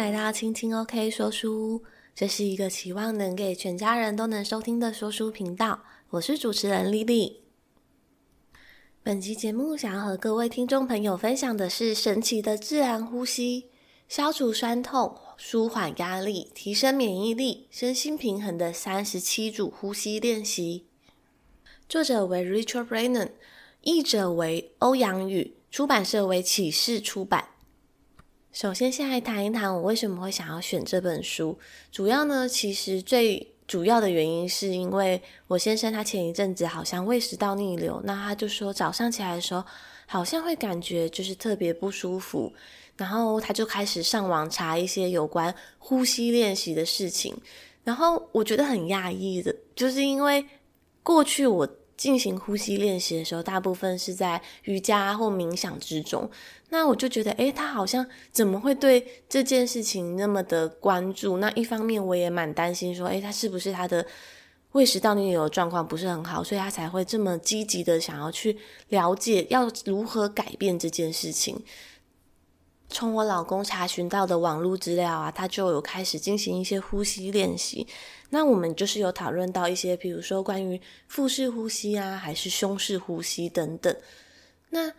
來到親親 OK 說書，這是一個希望能給全家人都能收聽的說書頻道。我是主持人麗麗。本集節目想要和各位聽眾朋友分享的是神奇的自然呼吸，消除痠痛、舒緩壓力、提升免疫力、身心平衡的三十七組呼吸練習。作者為 Richard Brennan，譯者為歐陽羽，出版社為啟示出版。首先，先來談一談我為什麼會想要選這本書。主要呢，其實最主要的原因是因為我先生他前一陣子好像胃食道逆流，那他就說，早上起來的時候好像會感覺就是特別不舒服，然後他就開始上網查一些有關呼吸練習的事情，然後我覺得很壓抑的，就是因為過去我。進行呼吸練習的時候，大部分是在瑜伽或冥想之中。那我就覺得，哎，他好像怎麼會對這件事情那麼的關注？那一方面，我也蠻擔心，說，哎，他是不是他的胃食道逆流有的狀況不是很好，所以他才會這麼積極的想要去了解要如何改變這件事情。從我老公查詢到的網絡資料啊，他就有開始進行一些呼吸練習。那我們就是有討論到一些，比如說關於腹式呼吸啊，還是胸式呼吸等等。那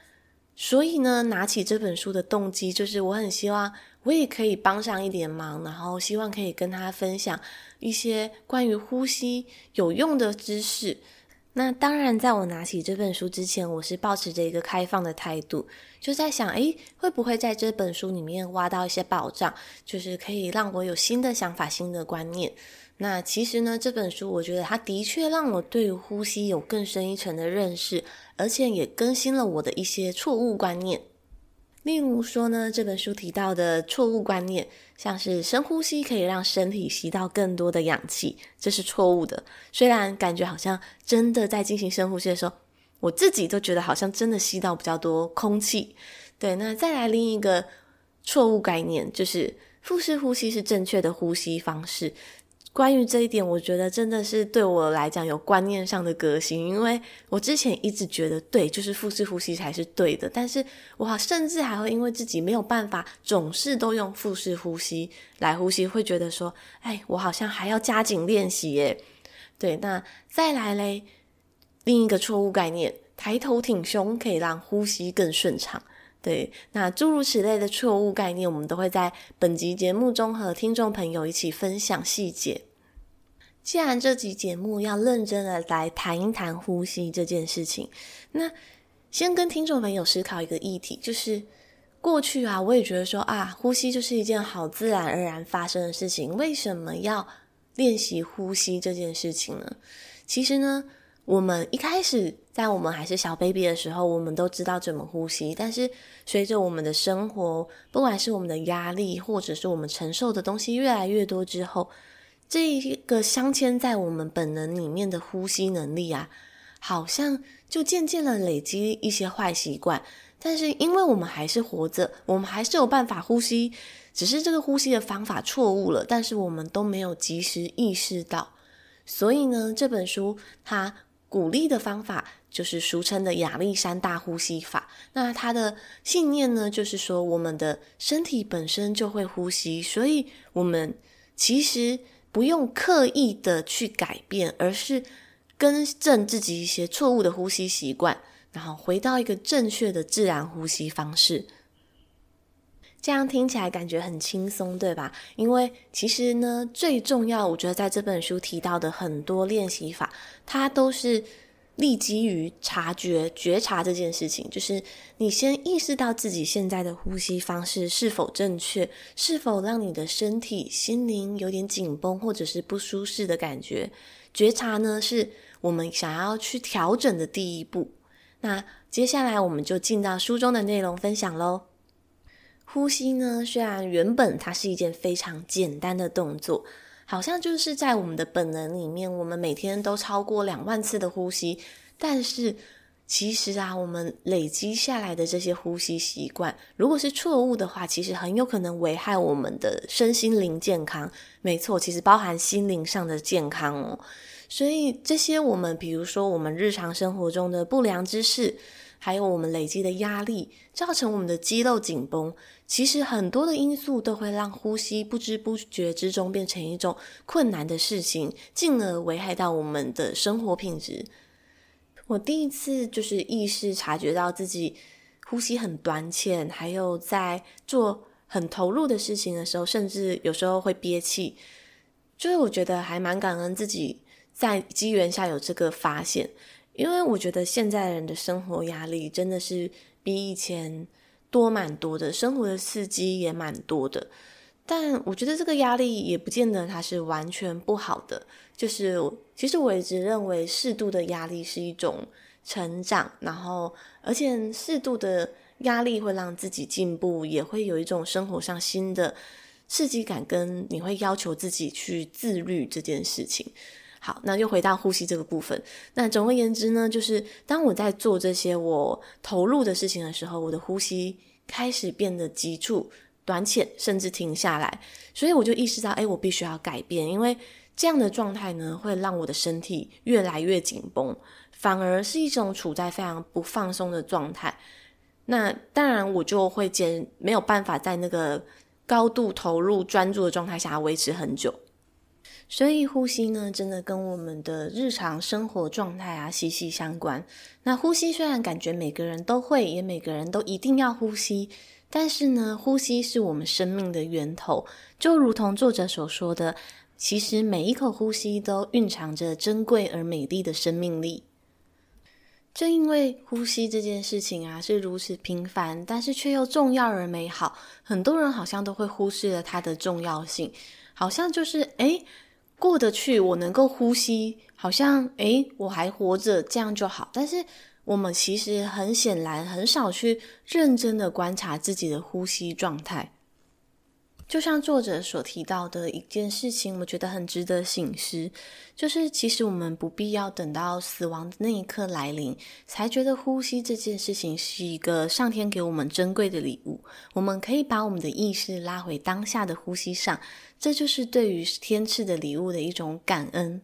所以呢，拿起這本書的動機就是，我很希望我也可以幫上一點忙，然後希望可以跟他分享一些關於呼吸有用的知識。那當然，在我拿起這本書之前，我是抱持著一個開放的態度，就在想，誒，會不會在這本書裡面挖到一些寶藏，就是可以讓我有新的想法、新的觀念。那其實呢，這本書我覺得它的確讓我對呼吸有更深一層的認識，而且也更新了我的一些錯誤觀念。例如說呢，這本書提到的錯誤觀念，像是深呼吸可以讓身體吸到更多的氧氣，這是錯誤的。雖然感覺好像真的在進行深呼吸的時候，我自己都覺得好像真的吸到比較多空氣。對，那再來另一個錯誤概念，就是腹式呼吸是正確的呼吸方式。關於這一點，我覺得真的是對我來講有觀念上的革新，因為我之前一直覺得對，就是腹式呼吸才是對的。但是我甚至還會因為自己沒有辦法，總是都用腹式呼吸來呼吸，會覺得說，哎，我好像還要加緊練習耶。對，那再來嘞，另一個錯誤概念，抬頭挺胸可以讓呼吸更順暢。對，那諸如此類的錯誤概念，我們都會在本集節目中和聽眾朋友一起分享細節。既然這集節目要認真的來談一談呼吸這件事情，那先跟聽眾朋友思考一個議題，就是過去啊，我也覺得說啊，呼吸就是一件好自然而然發生的事情，為什麼要練習呼吸這件事情呢？其實呢，我們一開始在我們還是小 baby 的時候，我們都知道怎麼呼吸。但是隨着我們的生活，不管是我們的壓力，或者是我們承受的東西越來越多之後，這一個鑲嵌在我們本能裡面的呼吸能力啊，好像就漸漸的累積一些壞習慣。但是因為我們還是活着，我們還是有辦法呼吸，只是這個呼吸的方法錯誤了。但是我們都沒有及時意識到。所以呢，這本書它，鼓勵的方法就是俗稱的亞歷山大呼吸法。那他的信念呢，就是說我們的身體本身就會呼吸，所以我們其實不用刻意的去改變，而是更正自己一些錯誤的呼吸習慣，然後回到一個正確的自然呼吸方式。這樣聽起來感覺很輕鬆，對吧？因為其實呢，最重要，我覺得在這本書提到的很多練習法，它都是立基於察覺、覺察這件事情。就是你先意識到自己現在的呼吸方式是否正確，是否讓你的身體、心靈有點緊繃或者是不舒適的感覺。覺察呢，是我們想要去調整的第一步。那接下來我們就進到書中的內容分享嘍。呼吸呢？雖然原本它是一件非常簡單的動作，好像就是在我們的本能裡面，我們每天都超過兩萬次的呼吸。但是其實啊，我們累積下來的這些呼吸習慣，如果是錯誤的話，其實很有可能危害我們的身心靈健康。沒錯，其實包含心靈上的健康哦。所以這些我們，比如說我們日常生活中的不良姿勢，還有我們累積的壓力，造成我們的肌肉緊繃。其實很多的因素都會讓呼吸不知不覺之中變成一種困難的事情，進而危害到我們的生活品質。我第一次就是意識察覺到自己呼吸很短淺，還有在做很投入的事情的時候，甚至有時候會憋氣。就是我覺得還蠻感恩自己在機緣下有這個發現，因為我覺得現在人的生活壓力真的是比以前。多蠻多的，生活的刺激也蠻多的，但我覺得這個壓力也不見得它是完全不好的。就是其實我一直認為適度的壓力是一種成長，然後而且適度的壓力會讓自己進步，也會有一種生活上新的刺激感，跟你會要求自己去自律這件事情。好，那又回到呼吸這個部分。那總而言之呢，就是當我在做這些我投入的事情的時候，我的呼吸開始變得急促、短淺，甚至停下來。所以我就意識到，哎，我必須要改變，因為這樣的狀態呢，會讓我的身體越來越緊繃，反而是一種處在非常不放鬆的狀態。那當然，我就會減，沒有辦法在那個高度投入、專注的狀態下維持很久。所以呼吸呢，真的跟我們的日常生活狀態啊息息相關。那呼吸雖然感覺每個人都會，也每個人都一定要呼吸，但是呢，呼吸是我們生命的源頭，就如同作者所說的，其實每一口呼吸都蘊藏着珍貴而美麗的生命力。正因為呼吸這件事情啊，是如此平凡，但是卻又重要而美好，很多人好像都會忽視了它的重要性，好像就是誒。過得去，我能夠呼吸，好像誒，我還活着，這樣就好。但是我們其實很顯然很少去認真的觀察自己的呼吸狀態。就像作者所提到的一件事情，我覺得很值得省思，就是其實我們不必要等到死亡的那一刻來臨，才覺得呼吸這件事情是一個上天給我們珍貴的禮物。我們可以把我們的意識拉回當下的呼吸上。這就是對於天賜的禮物的一種感恩。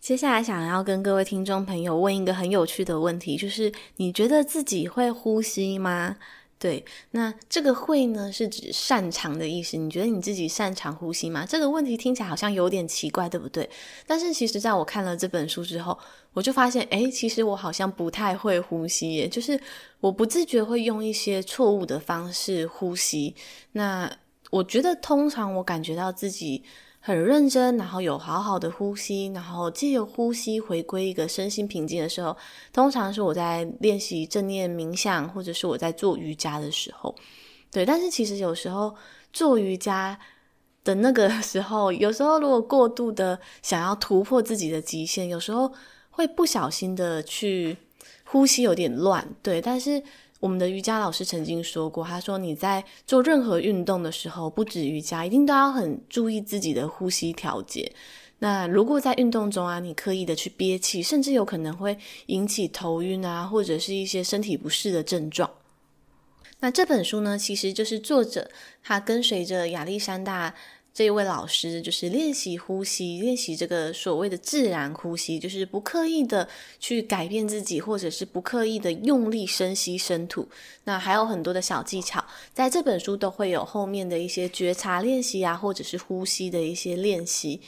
接下來想要跟各位聽眾朋友問一個很有趣的問題，就是你覺得自己會呼吸嗎？對，那這個“會”呢是指擅長的意思。你覺得你自己擅長呼吸嗎？這個問題聽起來好像有點奇怪，對不對？但是其實在我看了這本書之後，我就發現，誒，其實我好像不太會呼吸，耶，就是我不自覺會用一些錯誤的方式呼吸。那。我覺得通常我感覺到自己很認真，然後有好好的呼吸，然後借由呼吸回歸一個身心平靜的時候，通常是我在練習正念冥想，或者是我在做瑜伽的時候。對，但是其實有時候做瑜伽的那個時候，有時候如果過度的想要突破自己的極限，有時候會不小心的去呼吸有點亂。對，但是。我們的瑜伽老師曾經說過，他說你在做任何運動的時候，不止瑜伽，一定都要很注意自己的呼吸調節。那如果在運動中啊，你刻意的去憋氣，甚至有可能會引起頭暈啊，或者是一些身體不適的症狀。那這本書呢，其實就是作者他跟隨着亞歷山大。這一位老師就是練習呼吸，練習這個所謂的自然呼吸，就是不刻意的去改變自己，或者是不刻意的用力深吸深吐。那還有很多的小技巧，在這本書都會有後面的一些覺察練習啊，或者是呼吸的一些練習。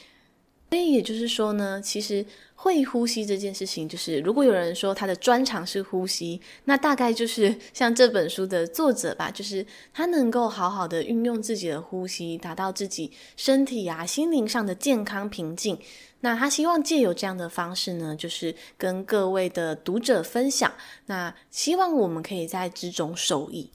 所以也就是說呢，其實會呼吸這件事情，就是如果有人說他的專長是呼吸，那大概就是像這本書的作者吧，就是他能夠好好的運用自己的呼吸，達到自己身體啊、心靈上的健康平靜。那他希望借由這樣的方式呢，就是跟各位的讀者分享，那希望我們可以在之中受益。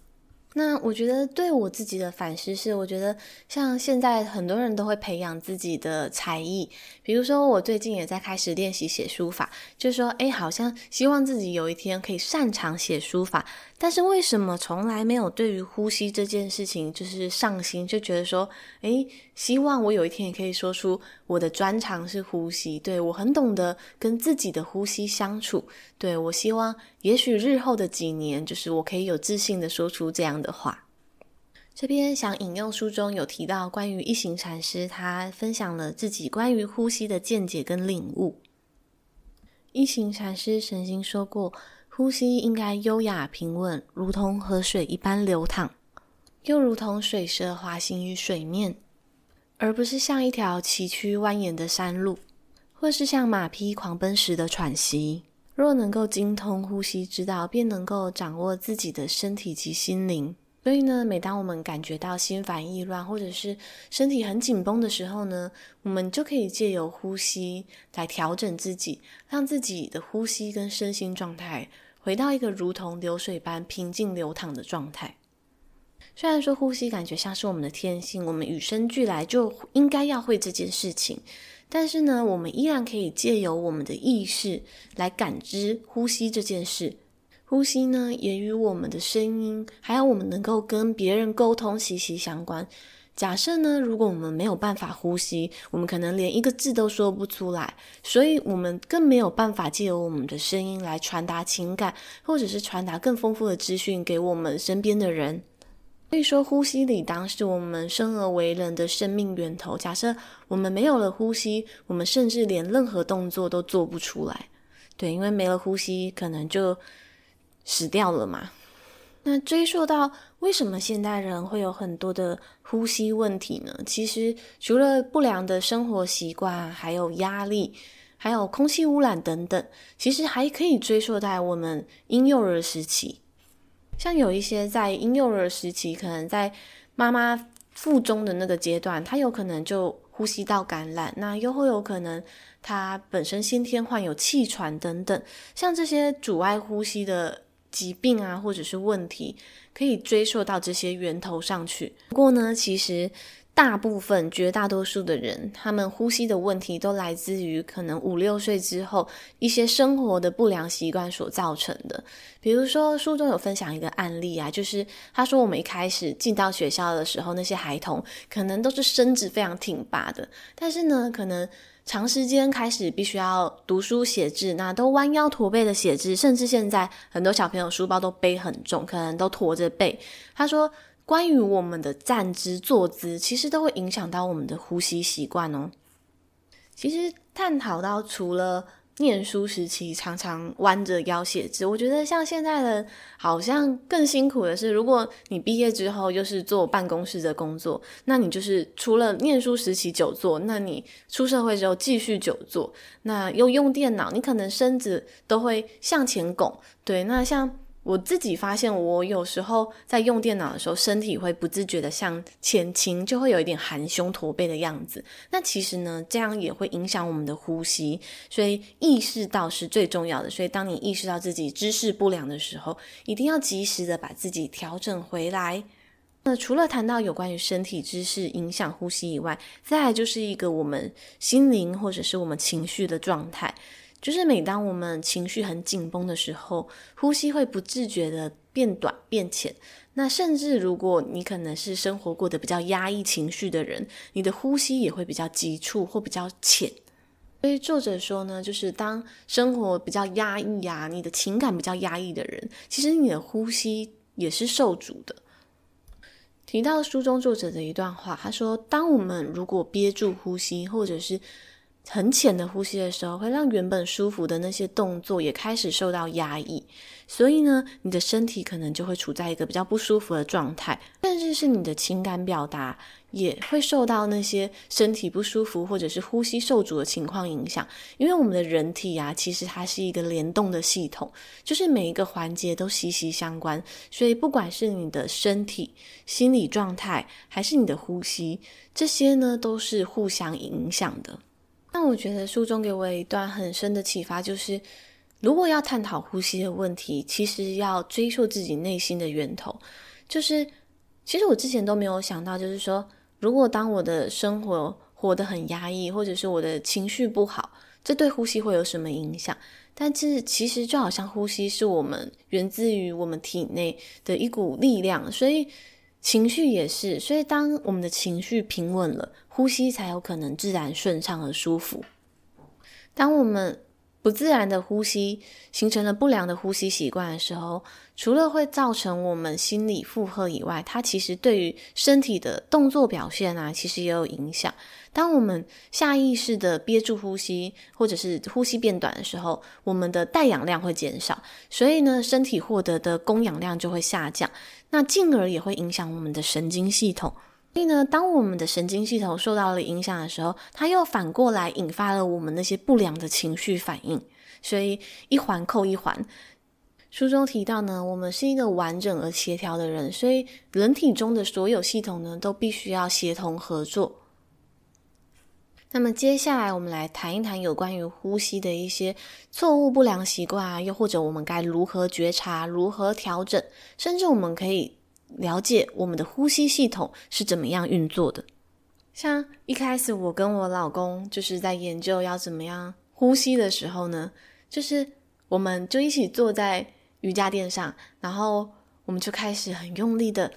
那我覺得對我自己的反思是，我覺得像現在很多人都會培養自己的才藝，比如說我最近也在開始練習寫書法，就說誒，好像希望自己有一天可以擅長寫書法。但是為什麼從來沒有對於呼吸這件事情就是上心，就覺得說，誒，希望我有一天也可以說出我的專長是呼吸，對，我很懂得跟自己的呼吸相處，對，我希望也許日後的幾年，就是我可以有自信的說出這樣的話。這邊想引用書中有提到關於一行禪師，他分享了自己關於呼吸的見解跟領悟。一行禪師曾經說過。呼吸應該優雅平穩，如同河水一般流淌，又如同水蛇滑行於水面，而不是像一條崎嶇蜿蜒的山路，或是像馬匹狂奔時的喘息。若能夠精通呼吸之道，便能夠掌握自己的身體及心靈。所以呢，每當我們感覺到心煩意亂，或者是身體很緊繃的時候呢，我們就可以借由呼吸來調整自己，讓自己的呼吸跟身心狀態。回到一個如同流水般平靜流淌的狀態。雖然說呼吸感覺像是我們的天性，我們與生俱來就應該要會這件事情，但是呢，我們依然可以借由我們的意識來感知呼吸這件事。呼吸呢，也與我們的聲音，還有我們能夠跟別人溝通息息相關。假設呢，如果我們沒有辦法呼吸，我們可能連一個字都說不出來，所以我們更沒有辦法借由我們的聲音來傳達情感，或者是傳達更豐富的資訊給我們身邊的人。所以說，呼吸理當是我們生而為人的生命源頭。假設我們沒有了呼吸，我們甚至連任何動作都做不出來。對，因為沒了呼吸，可能就死掉了嘛。那追溯到為什麼現代人會有很多的呼吸問題呢？其實除了不良的生活習慣，還有壓力，還有空氣污染等等，其實還可以追溯到我們嬰幼兒時期。像有一些在嬰幼兒時期，可能在媽媽腹中的那個階段，他有可能就呼吸道感染，那又會有可能他本身先天患有氣喘等等，像這些阻礙呼吸的。疾病啊，或者是問題，可以追溯到這些源頭上去。不過呢，其實大部分、絕大多數的人，他們呼吸的問題都來自於可能五六歲之後一些生活的不良習慣所造成的。比如說，書中有分享一個案例啊，就是他說我們一開始進到學校的時候，那些孩童可能都是身子非常挺拔的，但是呢，可能……長時間開始必須要讀書寫字，那都彎腰駝背的寫字，甚至現在很多小朋友書包都背很重，可能都駝着背。他說，關於我們的站姿、坐姿，其實都會影響到我們的呼吸習慣哦。其實探討到除了。念書時期常常彎着腰寫字，我覺得像現在的，好像更辛苦的是，如果你畢業之後又是做辦公室的工作，那你就是除了念書時期久坐，那你出社會之後繼續久坐，那又用電腦，你可能身子都會向前拱。對，那像。我自己發現，我有時候在用電腦的時候，身體會不自覺的向前傾，就會有一點含胸駝背的樣子。那其實呢，這樣也會影響我們的呼吸，所以意識到是最重要的。所以當你意識到自己姿勢不良的時候，一定要及時的把自己調整回來。那除了談到有關於身體姿勢影響呼吸以外，再來就是一個我們心靈或者是我們情緒的狀態。就是每當我們情緒很緊繃的時候，呼吸會不自覺地變短變淺。那甚至如果你可能是生活過得比較壓抑情緒的人，你的呼吸也會比較急促或比較淺。所以作者說呢，就是當生活比較壓抑啊，你的情感比較壓抑的人，其實你的呼吸也是受阻的。提到書中作者的一段話，他說：“當我們如果憋住呼吸，或者是……”很淺的呼吸的時候，會讓原本舒服的那些動作也開始受到壓抑，所以呢，你的身體可能就會處在一個比較不舒服的狀態，甚至是你的情感表達也會受到那些身體不舒服或者是呼吸受阻的情況影響。因為我們的人體啊，其實它是一個聯動的系統，就是每一個環節都息息相關，所以不管是你的身體、心理狀態，還是你的呼吸，這些呢都是互相影響的。但我覺得書中給我一段很深的啟發，就是如果要探討呼吸的問題，其實要追溯自己內心的源頭。就是其實我之前都沒有想到，就是說如果當我的生活活得很壓抑，或者是我的情緒不好，這對呼吸會有什麼影響？但是其實就好像呼吸是我們源自於我們體內的一股力量，所以。情緒也是，所以當我們的情緒平穩了，呼吸才有可能自然順暢而舒服。當我們不自然的呼吸形成了不良的呼吸習慣的時候，除了會造成我們心理負荷以外，它其實對於身體的動作表現啊，其實也有影響。當我們下意識的憋住呼吸，或者是呼吸變短的時候，我們的帶氧量會減少，所以呢，身體獲得的供氧量就會下降。那進而也會影響我們的神經系統，所以呢，當我們的神經系統受到了影響的時候，它又反過來引發了我們那些不良的情緒反應，所以一環扣一環。書中提到呢，我們是一個完整而協調的人，所以人體中的所有系統呢，都必須要協同合作。那麼接下來，我們來談一談有關於呼吸的一些錯誤不良習慣啊，又或者我們該如何覺察、如何調整，甚至我們可以了解我們的呼吸系統是怎麼樣運作的。像一開始我跟我老公就是在研究要怎麼樣呼吸的時候呢，就是我們就一起坐在瑜伽墊上，然後我們就開始很用力的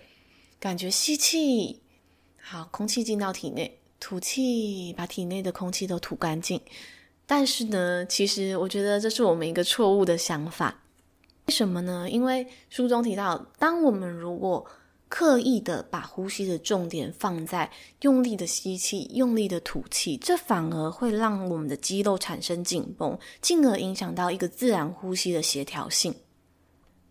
感覺吸氣，好，空氣進到體內。吐氣，把體內的空氣都吐乾淨。但是呢，其實我覺得這是我們一個錯誤的想法。為什麼呢？因為書中提到，當我們如果刻意地把呼吸的重點放在用力的吸氣、用力的吐氣，這反而會讓我們的肌肉產生緊繃，進而影響到一個自然呼吸的協調性。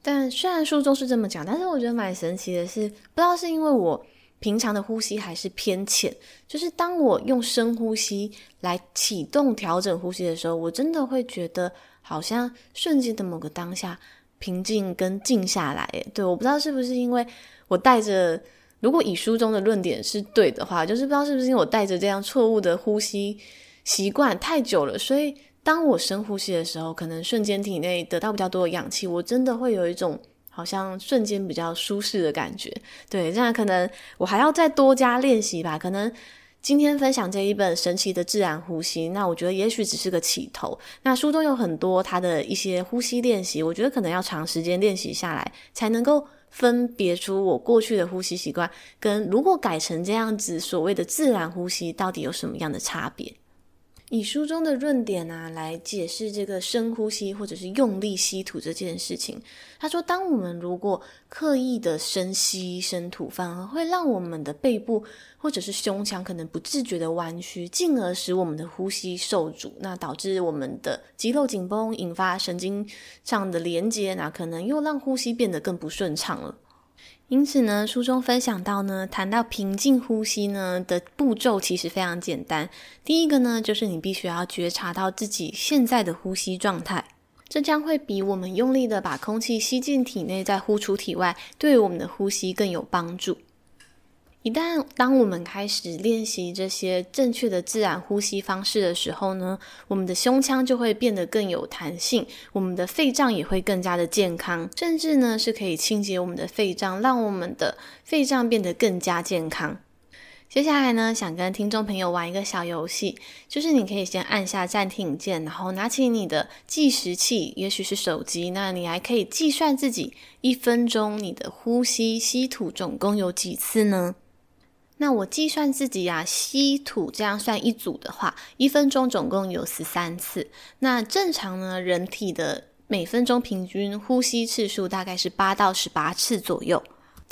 但雖然書中是這麼講，但是我覺得蠻神奇的是，不知道是因為我。平常的呼吸還是偏淺，就是當我用深呼吸來啟動調整呼吸的時候，我真的會覺得好像瞬間的某個當下平靜跟靜下來。對，我不知道是不是因為我帶着，如果以書中的論點是對的話，就是不知道是不是因為我帶着這樣錯誤的呼吸習慣太久了，所以當我深呼吸的時候，可能瞬間體內得到比較多的氧氣，我真的會有一種。好像瞬間比較舒適的感覺，對，這樣可能我還要再多加練習吧。可能今天分享這一本神奇的自然呼吸，那我覺得也許只是個起頭。那書中有很多它的一些呼吸練習，我覺得可能要長時間練習下來，才能夠分別出我過去的呼吸習慣跟如果改成這樣子所謂的自然呼吸到底有什麼樣的差別。以書中的論點啊來解釋這個深呼吸或者是用力吸吐這件事情。他說：“當我們如果刻意的深吸深吐，反而會讓我們的背部或者是胸腔可能不自覺的彎曲，進而使我們的呼吸受阻，那導致我們的肌肉緊繃，引發神經上的連接，那可能又讓呼吸變得更不順暢了。因此呢，書中分享到呢，談到平靜呼吸呢的步驟其實非常簡單。第一個呢，就是你必須要覺察到自己現在的呼吸狀態。”這將會比我們用力的把空氣吸進體內，再呼出體外，對我們的呼吸更有幫助。一旦當我們開始練習這些正確的自然呼吸方式的時候呢，我們的胸腔就會變得更有彈性，我們的肺臟也會更加的健康，甚至呢是可以清潔我們的肺臟，讓我們的肺臟變得更加健康。接下來呢，想跟聽眾朋友玩一個小遊戲，就是你可以先按下暫停鍵，然後拿起你的計時器，也許是手機，那你還可以計算自己一分鐘你的呼吸吸吐總共有幾次呢？那我計算自己呀、啊，吸吐這樣算一組的話，一分鐘總共有十三次。那正常呢，人體的每分鐘平均呼吸次數大概是八到十八次左右。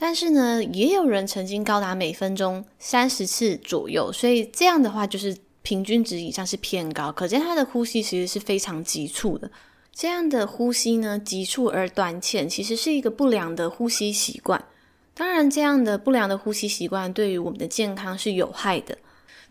但是呢，也有人曾經高達每分鐘三十次左右，所以這樣的話就是平均值以上是偏高，可見他的呼吸其實是非常急促的。這樣的呼吸呢，急促而短淺，其實是一個不良的呼吸習慣。當然，這樣的不良的呼吸習慣對於我們的健康是有害的。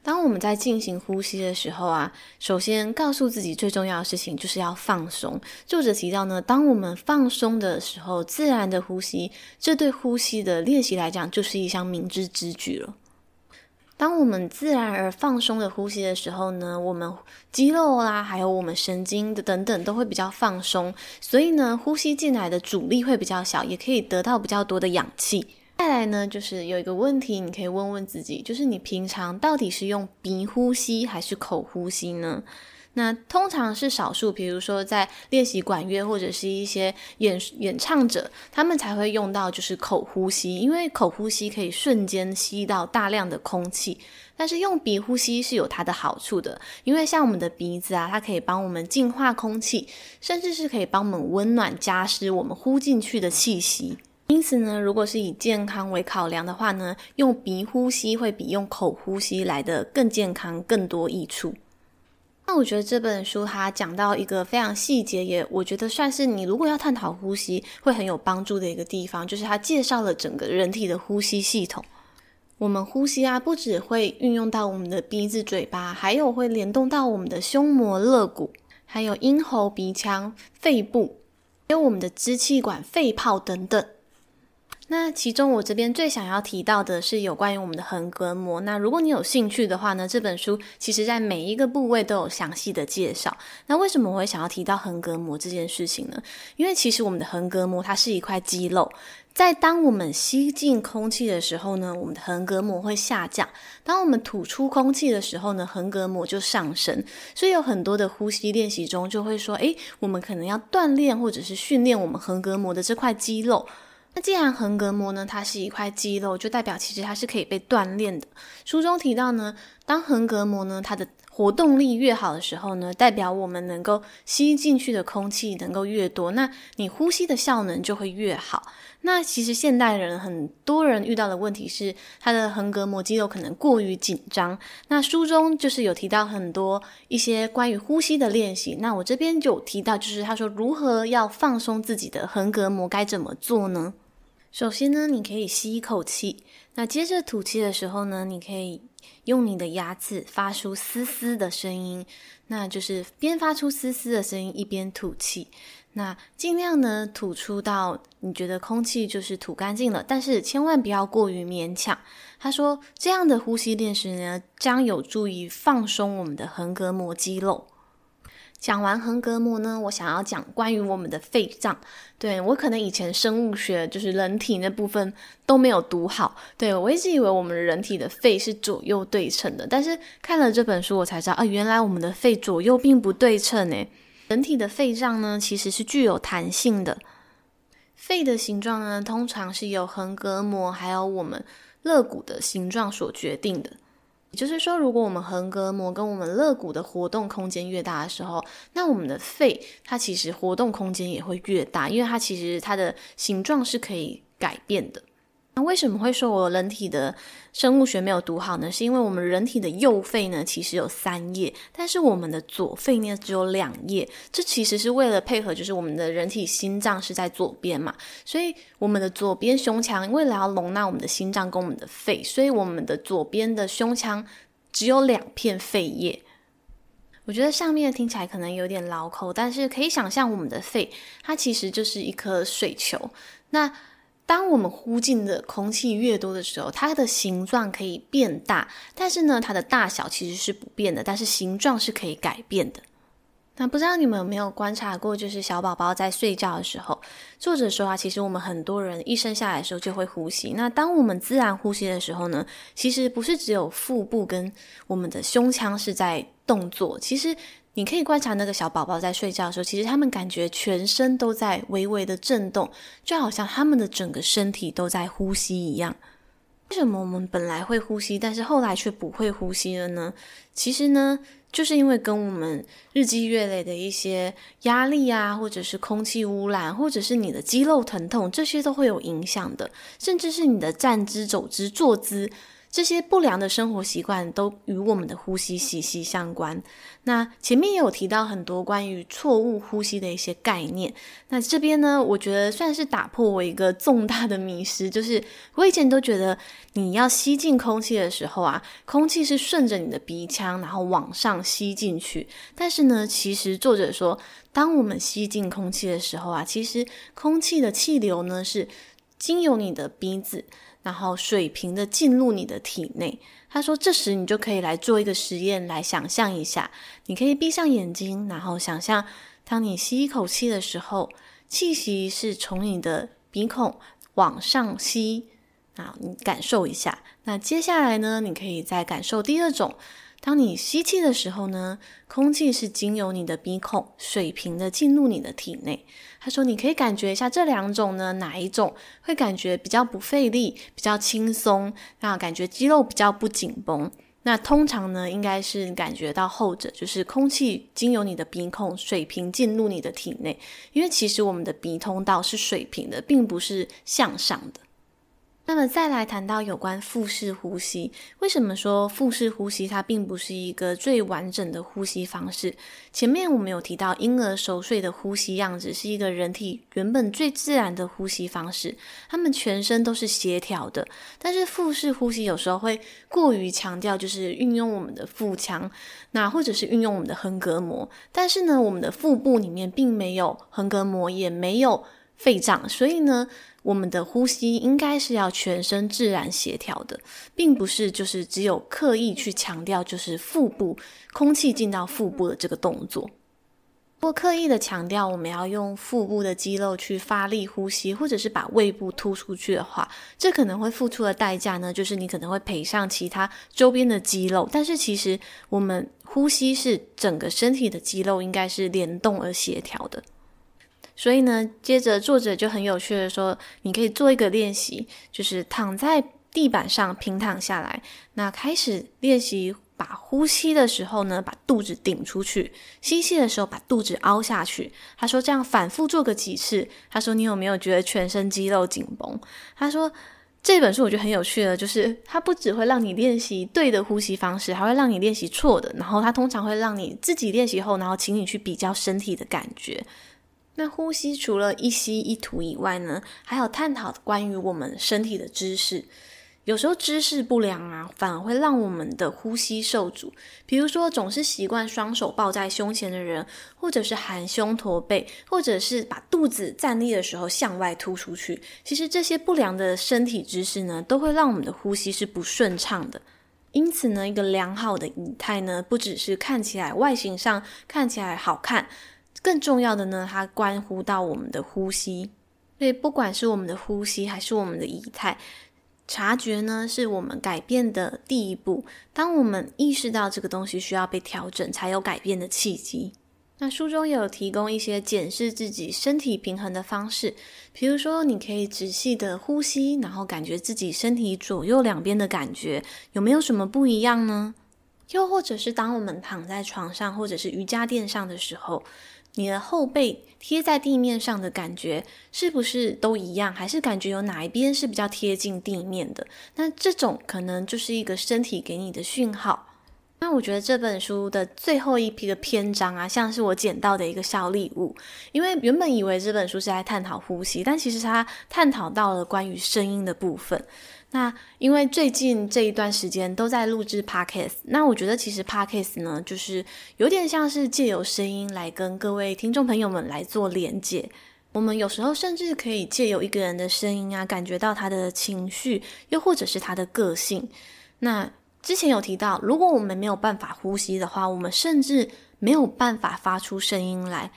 當我們在進行呼吸的時候啊，首先告訴自己最重要的事情就是要放鬆。作者提到呢，當我們放鬆的時候，自然的呼吸，這對呼吸的練習來講就是一項明智之舉了。當我們自然而放鬆的呼吸的時候呢，我們肌肉啦，還有我們神經的等等都會比較放鬆，所以呢，呼吸進來的阻力會比較小，也可以得到比較多的氧氣。再來呢，就是有一個問題，你可以問問自己，就是你平常到底是用鼻呼吸還是口呼吸呢？那通常是少數，比如說在練習管樂或者是一些演演唱者，他們才會用到就是口呼吸，因為口呼吸可以瞬間吸到大量的空氣。但是用鼻呼吸是有它的好處的，因為像我們的鼻子啊，它可以幫我們淨化空氣，甚至是可以幫我們溫暖加濕我們呼進去的氣息。因此呢，如果是以健康為考量的話呢，用鼻呼吸會比用口呼吸來得更健康、更多益處。那我覺得這本書它講到一個非常細節，也我覺得算是你如果要探討呼吸會很有幫助的一個地方，就是它介紹了整個人體的呼吸系統。我們呼吸啊，不只會運用到我們的鼻子、嘴巴，還有會聯動到我們的胸膜、肋骨，還有咽喉、鼻腔、肺部，還有我們的支氣管、肺泡等等。那其中我這邊最想要提到的是有關於我們的橫膈膜。那如果你有興趣的話呢，這本書其實在每一個部位都有詳細的介紹。那為什麼我會想要提到橫膈膜這件事情呢？因為其實我們的橫膈膜它是一塊肌肉，在當我們吸進空氣的時候呢，我們的橫膈膜會下降；當我們吐出空氣的時候呢，橫膈膜就上升。所以有很多的呼吸練習中就會說，誒、欸，我們可能要鍛鍊或者是訓練我們橫膈膜的這塊肌肉。那既然橫膈膜呢，它是一塊肌肉，就代表其實它是可以被鍛鍊的。書中提到呢，當橫膈膜呢，它的活動力越好的時候呢，代表我們能夠吸進去的空氣能夠越多，那你呼吸的效能就會越好。那其實現代人很多人遇到的問題是，他的橫膈膜肌肉可能過於緊張。那書中就是有提到很多一些關於呼吸的練習。那我這邊就有提到，就是他說如何要放鬆自己的橫膈膜，該怎麼做呢？首先呢，你可以吸一口氣，那接着吐氣的時候呢，你可以用你的牙齒發出嘶嘶的聲音，那就是邊發出嘶嘶的聲音一邊吐氣，那盡量呢吐出到你覺得空氣就是吐乾淨了，但是千萬不要過於勉強。他說這樣的呼吸練習呢，將有助於放鬆我們的橫膈膜肌肉。講完橫膈膜呢，我想要講關於我們的肺臟。對，我可能以前生物學就是人體那部分都沒有讀好。對，我一直以為我們人體的肺是左右對稱的，但是看了這本書我才知道啊、呃，原來我們的肺左右並不對稱呢。人體的肺臟呢，其實是具有彈性的。肺的形狀呢，通常是由橫膈膜還有我們肋骨的形狀所決定的。也就是說，如果我們橫膈膜跟我們肋骨的活動空間越大的時候，那我們的肺，它其實活動空間也會越大，因為它其實它的形狀是可以改變的。那、啊、為什麼會說我人體的生物學沒有讀好呢？是因為我們人體的右肺呢，其實有三葉，但是我們的左肺呢只有兩葉。這其實是為了配合，就是我們的人體心臟是在左邊嘛，所以我們的左邊胸腔為了要容納我們的心臟跟我們的肺，所以我們的左邊的胸腔只有兩片肺葉。我覺得上面聽起來可能有點拗口，但是可以想象我們的肺，它其實就是一顆水球。那。當我們呼進的空氣越多的時候，它的形狀可以變大，但是呢，它的大小其實是不變的，但是形狀是可以改變的。那不知道你們有沒有觀察過，就是小寶寶在睡覺的時候，作者說啊，其實我們很多人一生下來的時候就會呼吸。那當我們自然呼吸的時候呢，其實不是只有腹部跟我們的胸腔是在動作，其實。你可以觀察那個小寶寶在睡覺的時候，其實他們感覺全身都在微微的震動，就好像他們的整個身體都在呼吸一樣。為什麼我們本來會呼吸，但是後來卻不會呼吸了呢？其實呢，就是因為跟我們日積月累的一些壓力啊，或者是空氣污染，或者是你的肌肉疼痛，這些都會有影響的，甚至是你的站姿、走姿、坐姿，這些不良的生活習慣都與我們的呼吸息息相關。那前面也有提到很多關於錯誤呼吸的一些概念。那這邊呢，我覺得算是打破我一個重大的迷失，就是我以前都覺得你要吸進空氣的時候啊，空氣是順着你的鼻腔，然後往上吸進去。但是呢，其實作者說，當我們吸進空氣的時候啊，其實空氣的氣流呢，是經由你的鼻子，然後水平的進入你的體內。他說：“這時你就可以來做一個實驗，來想象一下，你可以閉上眼睛，然後想象，當你吸一口氣的時候，氣息是從你的鼻孔往上吸，啊，你感受一下。那接下來呢，你可以再感受第二種。”當你吸氣的時候呢，空氣是經由你的鼻孔水平的進入你的體內。他說，你可以感覺一下這兩種呢，哪一種會感覺比較不費力、比較輕鬆？那、啊、感覺肌肉比較不緊繃。那通常呢，應該是感覺到後者，就是空氣經由你的鼻孔水平進入你的體內，因為其實我們的鼻通道是水平的，並不是向上的。那麼再來談到有關腹式呼吸，為什麼說腹式呼吸它並不是一個最完整的呼吸方式？前面我們有提到，嬰兒熟睡的呼吸樣子是一個人體原本最自然的呼吸方式，他們全身都是協調的。但是腹式呼吸有時候會過於強調，就是運用我們的腹腔，那或者是運用我們的橫膈膜。但是呢，我們的腹部裡面並沒有橫膈膜，也沒有肺臟，所以呢。我們的呼吸應該是要全身自然協調的，並不是就是只有刻意去強調，就是腹部空氣進到腹部的這個動作。不刻意的強調，我們要用腹部的肌肉去發力呼吸，或者是把胃部突出去的話，這可能會付出的代價呢，就是你可能會賠上其他周邊的肌肉。但是其實我們呼吸是整個身體的肌肉應該是聯動而協調的。所以呢，接着作者就很有趣的說：“你可以做一個練習，就是躺在地板上平躺下來，那開始練習，把呼吸的時候呢，把肚子頂出去，吸氣的時候把肚子凹下去。他說這樣反覆做個幾次。他說你有沒有覺得全身肌肉緊繃？他說這本書我覺得很有趣的，就是它不只會讓你練習對的呼吸方式，還會讓你練習錯的。然後他通常會讓你自己練習後，然後請你去比較身體的感覺。”那呼吸除了“一吸一吐”以外呢，還有探討關於我們身體的知識。有時候姿勢不良啊，反而會讓我們的呼吸受阻。比如說，總是習慣雙手抱在胸前的人，或者是含胸駝背，或者是把肚子站立的時候向外突出去。其實這些不良的身體姿勢呢，都會讓我們的呼吸是不順暢的。因此呢，一個良好的儀態呢，不只是看起來外形上看起來好看。更重要的呢，它關乎到我們的呼吸，所以不管是我們的呼吸還是我們的儀態，察覺呢是我們改變的第一步。當我們意識到這個東西需要被調整，才有改變的契機。那書中也有提供一些檢視自己身體平衡的方式，比如說你可以仔細的呼吸，然後感覺自己身體左右兩邊的感覺有沒有什麼不一樣呢？又或者是當我們躺在床上或者是瑜伽墊上的時候。你的後背貼在地面上的感覺是不是都一樣？還是感覺有哪一邊是比較貼近地面的？那這種可能就是一個身體給你的訊號。那我覺得這本書的最後一批的篇章啊，像是我撿到的一個小禮物，因為原本以為這本書是在探討呼吸，但其實它探討到了關於聲音的部分。那因為最近這一段時間都在錄制 Podcast，那我覺得其實 Podcast 呢，就是有點像是借由聲音來跟各位聽眾朋友們來做連接。我們有時候甚至可以借由一個人的聲音啊，感覺到他的情緒，又或者是他的個性。那之前有提到，如果我們沒有辦法呼吸的話，我們甚至沒有辦法發出聲音來。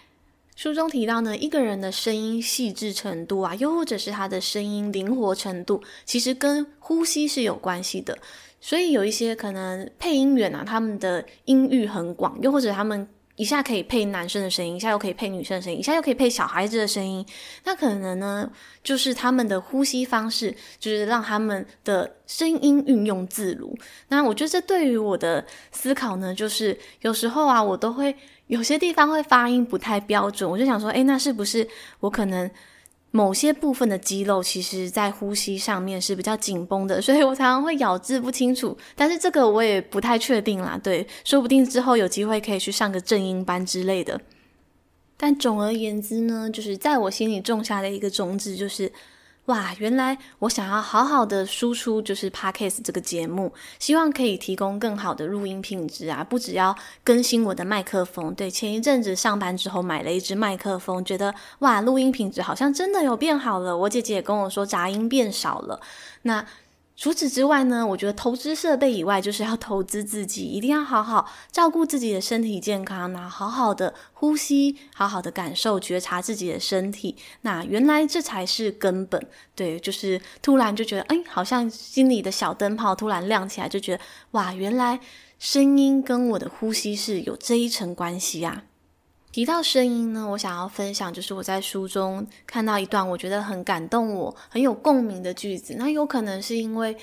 書中提到呢，一個人的聲音細緻程度啊，又或者是他的聲音靈活程度，其實跟呼吸是有關係的。所以有一些可能配音員啊，他們的音域很廣，又或者他們一下可以配男生的聲音，一下又可以配女生的聲音，一下又可以配小孩子的聲音。那可能呢，就是他們的呼吸方式，就是讓他們的聲音運用自如。那我覺得這對於我的思考呢，就是有時候啊，我都會。有些地方會發音不太標準，我就想說，誒，那是不是我可能某些部分的肌肉，其實在呼吸上面是比較緊繃的，所以我常常會咬字不清楚。但是這個我也不太確定啦，對，說不定之後有機會可以去上個正音班之類的。但總而言之呢，就是在我心裡種下的一個種子就是。哇，原來我想要好好的輸出，就是 Podcast 這個節目，希望可以提供更好的錄音品質啊！不只要更新我的麥克風，對，前一陣子上班之後買了一支麥克風，覺得哇，錄音品質好像真的有變好了。我姐姐也跟我說，雜音變少了。那。除此之外呢，我覺得投資設備以外，就是要投資自己，一定要好好照顧自己的身體健康，那好好的呼吸，好好的感受，覺察自己的身體，那原來這才是根本。對，就是突然就覺得，哎、欸，好像心裡的小燈泡突然亮起來，就覺得哇，原來聲音跟我的呼吸是有這一層關係啊。提到聲音呢，我想要分享就是我在書中看到一段我覺得很感動我、我很有共鳴的句子。那有可能是因為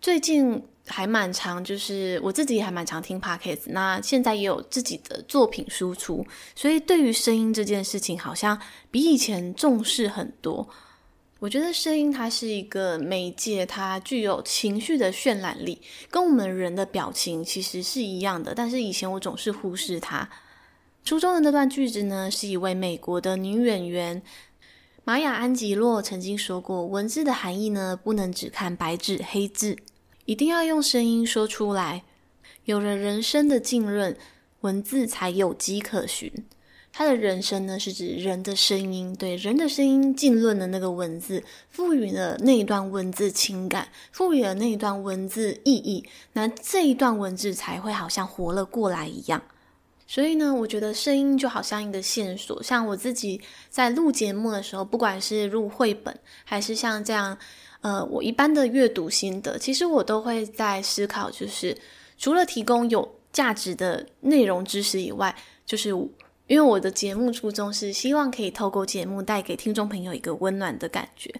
最近還蠻常，就是我自己也還蠻常聽 Podcast，那現在也有自己的作品輸出，所以對於聲音這件事情，好像比以前重視很多。我覺得聲音它是一個媒介，它具有情緒的渲染力，跟我們人的表情其實是一樣的，但是以前我總是忽視它。初中的那段句子呢，是一位美國的女演員瑪雅·安吉洛曾經說過：“文字的含義呢，不能只看白紙黑字，一定要用聲音說出來。有了人生的浸潤，文字才有跡可循。”她的人生呢，是指人的聲音，對人的聲音浸潤的那個文字，賦予了那一段文字情感，賦予了那一段文字意義，那這一段文字才會好像活了過來一樣。所以呢，我覺得聲音就好像一個線索。像我自己在錄節目的時候，不管是錄繪本，還是像這樣，呃，我一般的閱讀心得，其實我都會在思考，就是除了提供有價值的內容知識以外，就是因為我的節目初衷是希望可以透過節目帶給聽眾朋友一個溫暖的感覺，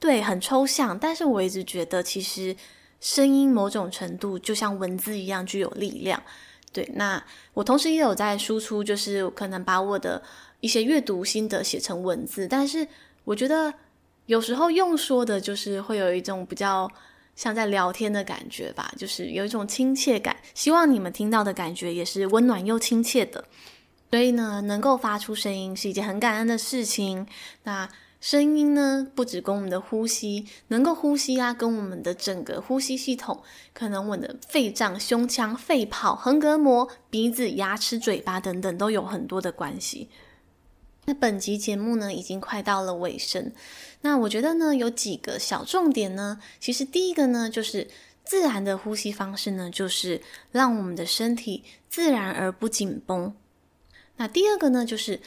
對，很抽象。但是我一直覺得，其實聲音某種程度就像文字一樣具有力量。對，那我同時也有在輸出，就是可能把我的一些閱讀心得寫成文字，但是我覺得有時候用說的，就是會有一種比較像在聊天的感覺吧，就是有一種親切感。希望你們聽到的感覺也是溫暖又親切的。所以呢，能夠發出聲音是一件很感恩的事情。那⋯⋯聲音呢，不只跟我們的呼吸能夠呼吸啊，跟我們的整個呼吸系統，可能我們的肺臟、胸腔、肺泡、橫膈膜、鼻子、牙齒、嘴巴等等，都有很多的關係。那本集節目呢，已經快到了尾聲。那我覺得呢，有幾個小重點呢，其實第一個呢，就是自然的呼吸方式呢，就是讓我們的身體自然而不緊繃。那第二個呢，就是。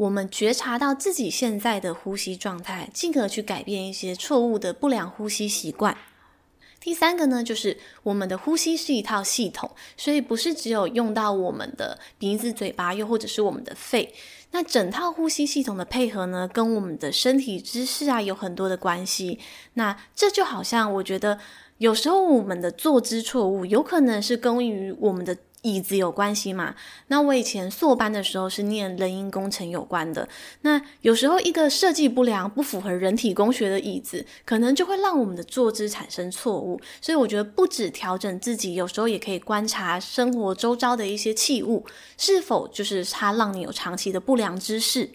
我們覺察到自己現在的呼吸狀態，進而去改變一些錯誤的不良呼吸習慣。第三個呢，就是我們的呼吸是一套系統，所以不是只有用到我們的鼻子、嘴巴，又或者是我們的肺。那整套呼吸系統的配合呢，跟我們的身體姿勢啊有很多的關係。那這就好像我覺得，有時候我們的坐姿錯誤，有可能是跟於我們的，椅子有關係嗎？那我以前碩班的時候是念人因工程有關的。那有時候一個設計不良、不符合人體工學的椅子，可能就會讓我們的坐姿產生錯誤。所以我覺得不止調整自己，有時候也可以觀察生活周遭的一些器物，是否就是它讓你有長期的不良姿勢。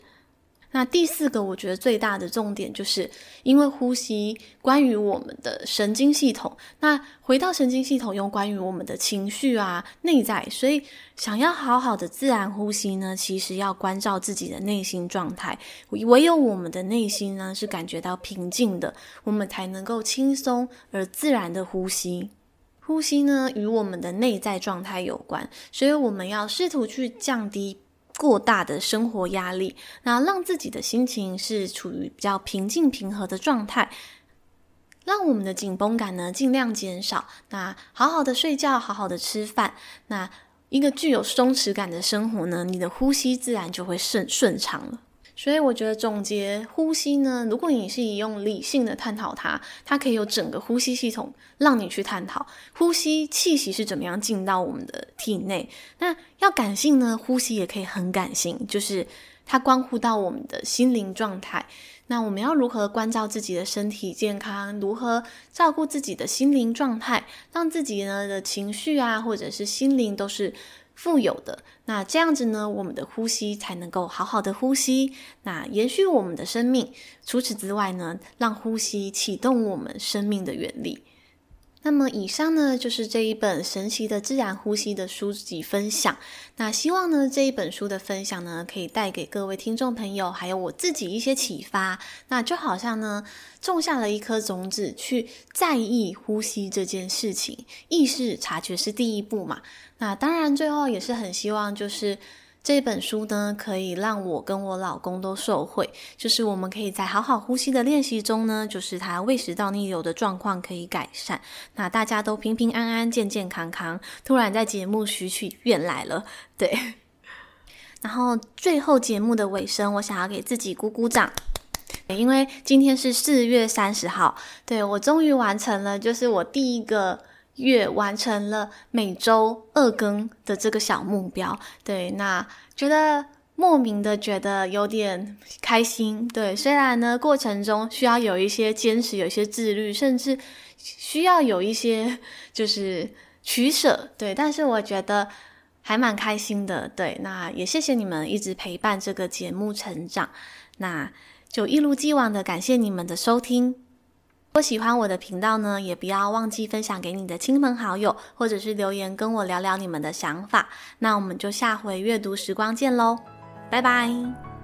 那第四個，我覺得最大的重點就是，因為呼吸關於我們的神經系統。那回到神經系統，又關於我們的情緒啊、內在，所以想要好好的自然呼吸呢，其實要關照自己的內心狀態。唯有我們的內心呢是感覺到平靜的，我們才能夠輕鬆而自然的呼吸。呼吸呢與我們的內在狀態有關，所以我們要試圖去降低。過大的生活壓力，那讓自己的心情是處於比較平靜平和的狀態，讓我們的緊繃感呢盡量減少。那好好的睡覺，好好的吃飯，那一個具有鬆弛感的生活呢，你的呼吸自然就會順順暢了。所以我覺得總結呼吸呢，如果你是以用理性的探討它，它可以有整個呼吸系統讓你去探討呼吸氣息是怎麼樣進到我們的體內。那要感性呢，呼吸也可以很感性，就是它關乎到我們的心靈狀態。那我們要如何關照自己的身體健康，如何照顧自己的心靈狀態，讓自己呢的情緒啊，或者是心靈都是。富有的，那這樣子呢，我們的呼吸才能夠好好的呼吸，那延續我們的生命。除此之外呢，讓呼吸啟動我們生命的原力。那麼以上呢，就是這一本神奇的自然呼吸的書籍分享。那希望呢，這一本書的分享呢，可以帶給各位聽眾朋友，還有我自己一些啟發。那就好像呢，種下了一顆種子，去在意呼吸這件事情，意識察覺是第一步嘛。那當然，最後也是很希望就是。這本書呢，可以讓我跟我老公都受惠，就是我們可以在好好呼吸的練習中呢，就是他胃食道逆流的狀況可以改善，那大家都平平安安、健健康康。突然在節目許起願來了，對。然後最後節目的尾聲，我想要給自己鼓鼓掌，因為今天是四月三十號，對，我終於完成了，就是我第一個。月完成了每周二更的這個小目標，對，那覺得莫名的覺得有點開心，對。雖然呢，過程中需要有一些堅持，有一些自律，甚至需要有一些就是取舍，對。但是我覺得還蠻開心的，對。那也謝謝你們一直陪伴這個節目成長，那就一如既往的感謝你們的收聽。如果喜歡我的頻道呢，也不要忘記分享給你的親朋好友，或者是留言跟我聊聊你們的想法。那我們就下回閱讀時光見嘍，拜拜。